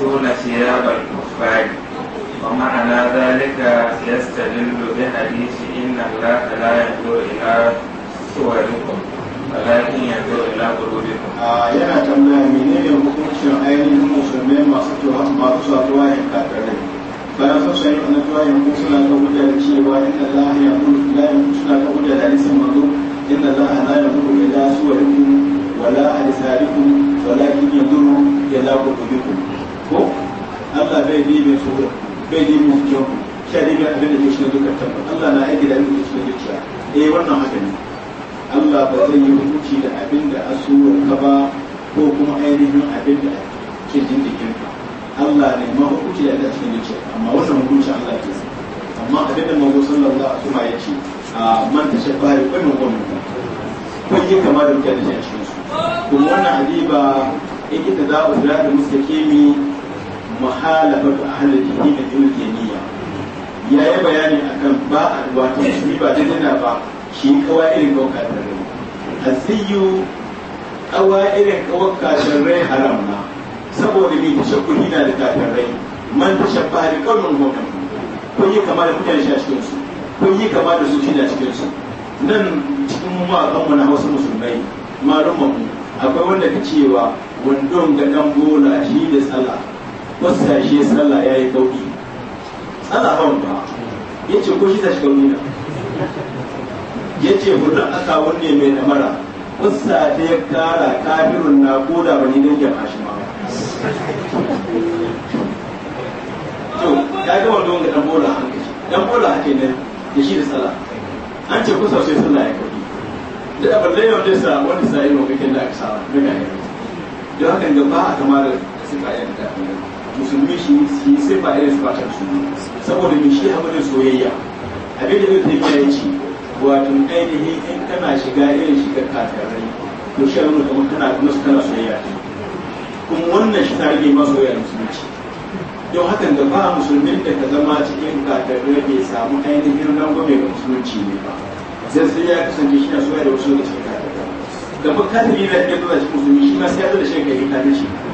يلبسون ثياب الكفار ومعنى ذلك يستدل بحديث إن الله لا يدعو إلى صوركم ولكن يدعو إلى قلوبكم. yana tambaya من hukuncin ainihin musulmai masu tuwa masu bayan sun a na tuwayen ko suna ta hujja da cewa inda Allah ya kudu la ya suna ta hujja da hadisin manzo inda Allah ya wala ku. ko Allah bai bi mai tsoro bai bi mai kyau shari bai abin da ke shi duka tabbata Allah na aiki da abin da ke zuciya eh wannan haka ne Allah ba zai yi hukunci da abin da asuwar ka ba ko kuma ainihin abin da ke jindikin ka Allah ne ma hukunci da abin da shi zuciya amma wannan hukunci Allah ke amma abin da mago sallallahu alaihi wasallam ya ce a man ta shi bai kai mun gwamnati kun yi kama da mutane a cikin su kuma wannan hadiba yake da za a da muske kimi muhalafatu ahlul da dun jami'a ya yi bayani a kan ba a wato shi ba daidai na ba shi kawa irin rai a asiyu kawa irin da rai haram na saboda mai tashabbuhi na da rai man ta shabba da kaunin hoton ko yi kama da mutane shi a cikinsu kun yi kama da zuci na cikinsu nan cikin mawakanmu na hausa musulmai malumanmu akwai wanda ka cewa wandon ga dan bola shi da tsala wasu sashe sallah ya yi kauri ana ban ba ya ce ko shi ta shi kauri na ya ce hurnar aka wanne mai namara wasu ta ya kara kafirun na koda wani don ya mashi ma to ya gama don ga dan bola hankali dan bola hake ne da shi da sallah an ce ko sau sai sallah ya kauri da abin da yau da sa wani sa'in wa kake da aka sa daga yanzu don haka ga ba a kamar suka yanka musulmi shi yi sai ba irin su ba su saboda mai shi abu da soyayya abin da zai tafiya ya ce wato ainihin in kana shiga irin shiga katarai to shi abin kamar kuma su tana soyayya ce kuma wannan shi tare ma soyayya musulunci don hakan da ba musulmin da ka zama cikin katarai bai samu ainihin rangwame ga musulunci ne ba zai sai ya kasance shi na soyayya da wasu da cikin katarai da ba katarai na ɗaya ba cikin musulmi shi ma sai ya zo da shi ga yi katarai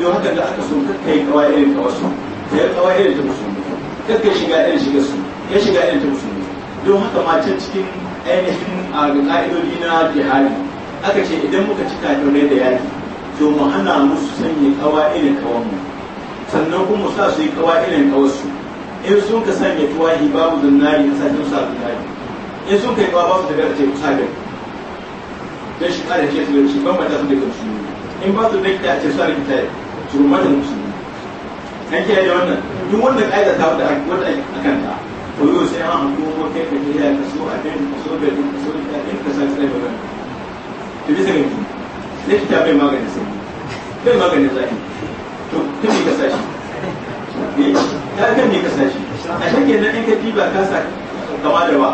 yau haka da aka so kakka yi kawai irin ta wasu da ya kawai irin ta musulmi kakka shiga irin shiga su ya shiga irin ta musulmi don haka ma cikin ainihin a ka'idodi na jihari aka ce idan muka ci kafirai da yaki to mu hana musu sanya kawa irin kawanmu sannan kuma sa su yi kawa irin kawarsu in sun ka sanya tuwahi babu zunnari a sashen sa zunnari in sun kai kawa ba su daga ce musabir don shi kare ce su da shi ban mata su daga su in ba su bai a ce su arbi ta turma da musulmi an kiyaye da wannan duk wanda ƙa'ida ta wadda a kanta to yau sai an hannu ko kai ka je ya kaso a kai kaso bai din kaso da din kaso da bai wannan to bisa ga ki likita bai magani sai bai magani zai to tun ka sashi ya kan ne ka sashi a shakke na ɗan ka ba ka sa kama da ba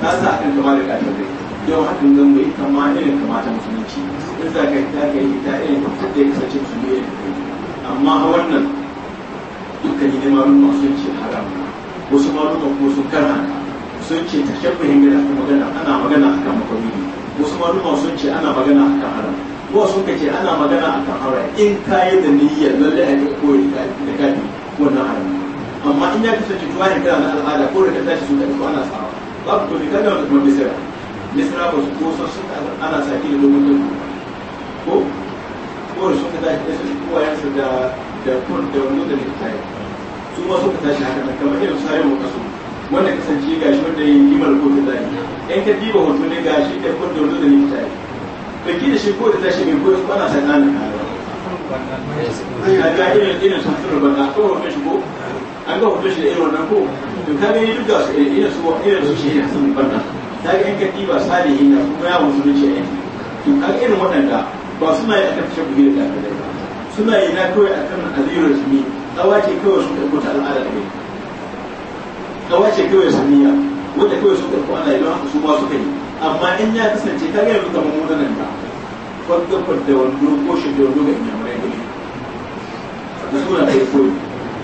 ka sa akan kama da kafin yau hakan zan bai kama irin kamata musulunci in za ka yi ta kai yi ta irin kamar da ya kasance musulmi irin kai amma a wannan dukkan ne malum sun ce haram wasu malum kuma su karanta sun ce ta shabbahin gida aka magana ana magana akan makwami wasu malum sun ce ana magana akan haram ko sun ka ce ana magana akan haram in ka yi da niyyar lalle a ga koyi da ko wannan haram amma in ya kasance tuwa ne kana na al'ada ko da ta tashi su da ana sawa babu to ne kana wani kuma bisira misra ba su kosa suka ana sake da domin domin ko ko da suka tashi da su kowayensu da da kun da wani da likitai su ma suka tashi haka nan kamar irin sayan mu kasu wanda kasance ga shi wanda yi imar ko ta tashi yan ka diba hoto ne ga shi da kun da wani da likitai da ki da shi ko da tashi mai koyo ana sai nan a ga irin irin sun tsoro ba na ko hoton shi an ga hoton shi da irin wannan ko to ka duk da su irin su irin su shi ne sun banna ta ga yanka ɗiba salihi na kuma ya musulunci a yanki to kan irin waɗanda ba suna yi akan fashe bugi da suna yi na kawai akan azirar jini tsawa ce kawai su ɗarko ta al'ada ne kai tsawa ce kawai saniya wanda kawai su ɗarko ana yi don haka su ba su kai amma in ya kasance ta gaya yanzu kamar mutanen da kwakwakwa da wando ko shi da wando ga ya ne da suna kai koyi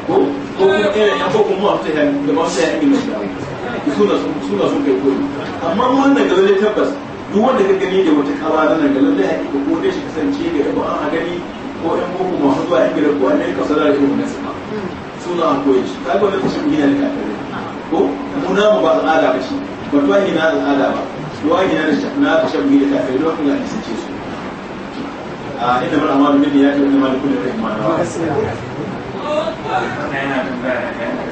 ko ko kuma irin ya ko kuma masu da masu ya ingilanta suna suna suke kai koyi amma wannan ga lalle tabbas duk wanda ka gani da wata kawa nan ga lalle haƙi ko dai shi kasance da ba an gani ko ɗan boko masu zuwa yan gida ko amerika su da ne sama suna koyi shi kaga wannan shi gina da ko mu mu ba al'ada ba shi ba tuwa gina al'ada ba tuwa gina na ta shan gina kafin don kuma ne sace su a inda mara amalu bin ya ce wani malikun da rahimanawa wannan yana tambaya da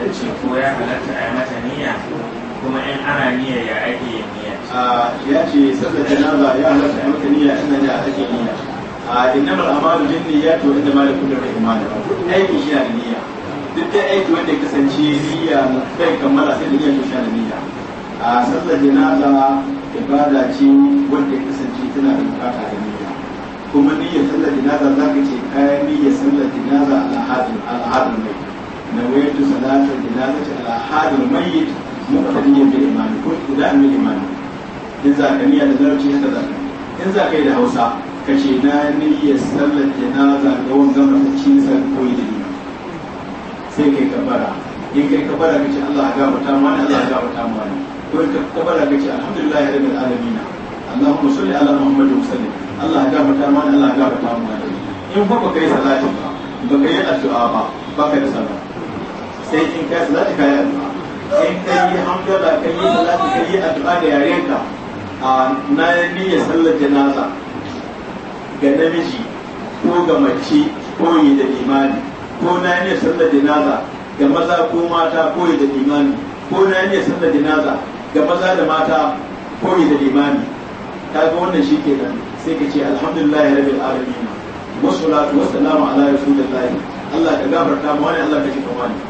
da ce ko ya halatta a mata niyya kuma in ana niyya ya ake yin niyya ya ce sallar janaza ya halatta a mata niyya ina da ake niyya a innamar amalu bin niyya to inda malikun da da aiki shi na da niyya duk da aiki wanda kasance niyya bai kammala sai da niyya to shi na niyya a sallar janaza ibada ce wanda kasance tana da bukata da niyya kuma niyyar sallar jinaza za ka ce kayan niyyar sallar janaza al'adun mai نويت صلاة الجنازة على حال الميت مقتديا بالإيمان كنت أداء من الإيمان إن ذاك نية لدرجة هكذا إن ذاك إلى هوسا كشينا نية صلاة الجنازة دون زمرة تشيزا كوي دليل سيكي كبرة in kai ka bara kace Allah ya gafarta mu Allah ya gafarta mu ko ka ka bara kace alhamdulillah rabbil alamin Allahumma salli ala Muhammad wa sallim Allah ya gafarta mu Allah ya gafarta mu in kai ba ba kai addu'a ba ba sai in kai salati kai addu'a in kai yi hamdala kai yi salati kai yi addu'a da yaren ka a na niyya sallar janaza ga namiji ko ga mace ko yi da imani ko na yi niyya sallar janaza ga maza ko mata ko yi da imani ko na yi niyya sallar janaza ga maza da mata ko yi da imani ga wannan shi kenan sai ka ce alhamdulillahi rabbil alamin wasu salatu wassalamu ala rasulillahi Allah ka gafarta mu wani Allah ka ji kamani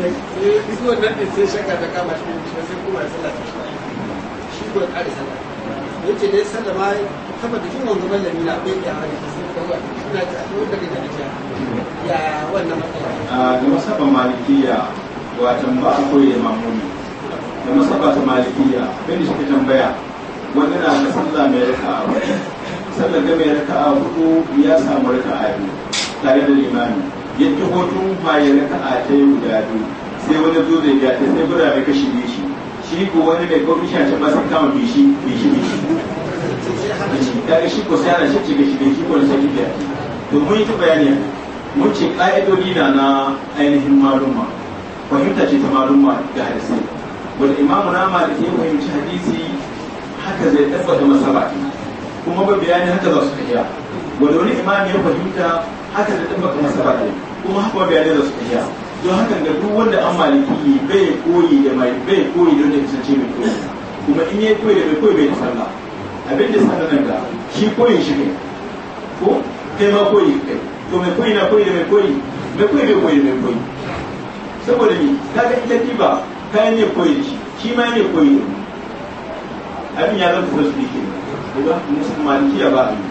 zuwan nan ne sai shakka ta kama shi ne sai kuma ya sallah ta shi ko kare sallah yace dai sallah ma saboda jin wanga mallami na bai da ta sai kawai ina ta wanda kake da ta ya wannan matsala a da masaba malikiya watan ba a koyi mamuni da masaba ta malikiya bin shi tambaya wani na da sallah mai raka'a sallah ga mai raka'a hudu ya samu raka'a biyu tare da limami ya ci hotun faye raka a ta yi guda biyu sai wani zo da ya ta sai bura da kashi biyu shi shi ko wani mai gwamnati shi a can ba sai kama bishi bishi bishi daga shi ko sai ana shi ce gashi bishi ko na sai biya to mun yi ta bayani mun ce ƙa'idodi na na ainihin maluma fahimta ce ta maluma da hadisi wani imamu na da ke fahimci hadisi haka zai tabbata masaba kuma ba bayani haka za su tafiya wanda wani imami ya fahimta haka da ɗabbaka kuma ne kuma haka biya da su tafiya don haka ga duk wanda an maliki bai koyi da mai bai koyi da wanda ya mai koyi kuma in ya koyi da mai koyi bai da sallah abin da sallah nan da shi koyin shi ne ko kai ma koyi kai to mai koyi na koyi da mai koyi mai koyi bai koyi da mai koyi saboda ni ka ga ita tiba kayan ne koyi da shi shi ma ne koyi da abin ya zama tasiri ke ne ko maliki ya ba abin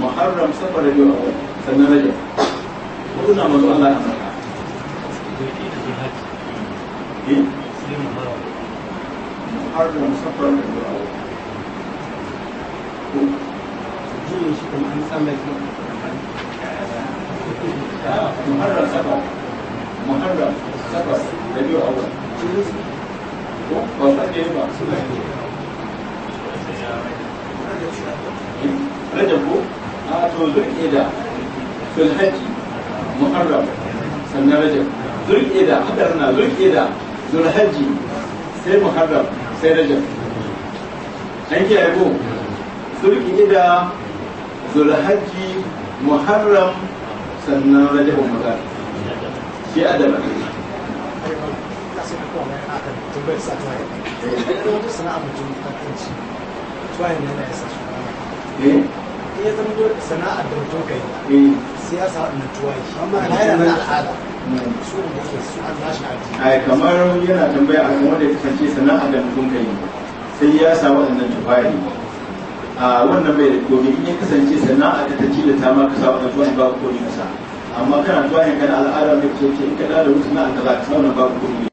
muharram da biyu a wani sannan rajab hudu na mazu Allah ya maka eh? muharram safar biyu a wani juyin shi kuma an san mai muharram safar muharram safar da biyu a wani ba sa ke ba su ne rajab ko wato zulƙida fil hajji muharram sannan rajab zulƙida hadar na zulƙida zulhajji sai muharram sai rajab an kiyaye ko zulƙida zulhajji muharram sannan rajab magar shi adaba ne ya zama dole sana'a da mutum kai eh. siyasa ya tuwai amma na yana na al'ada hmm. su da yake su an lashe addini kamar yana tambaya a kan wanda ya kasance sana'a da mutum kai sai ya sa wannan tuwai a wannan bai da komai in ya kasance sana'a da ta tilata ma ka samu tufafi ba komai kasa amma kana tufafi kana al'ada mai ce in ka da wuce na al'ada ka samu ba komai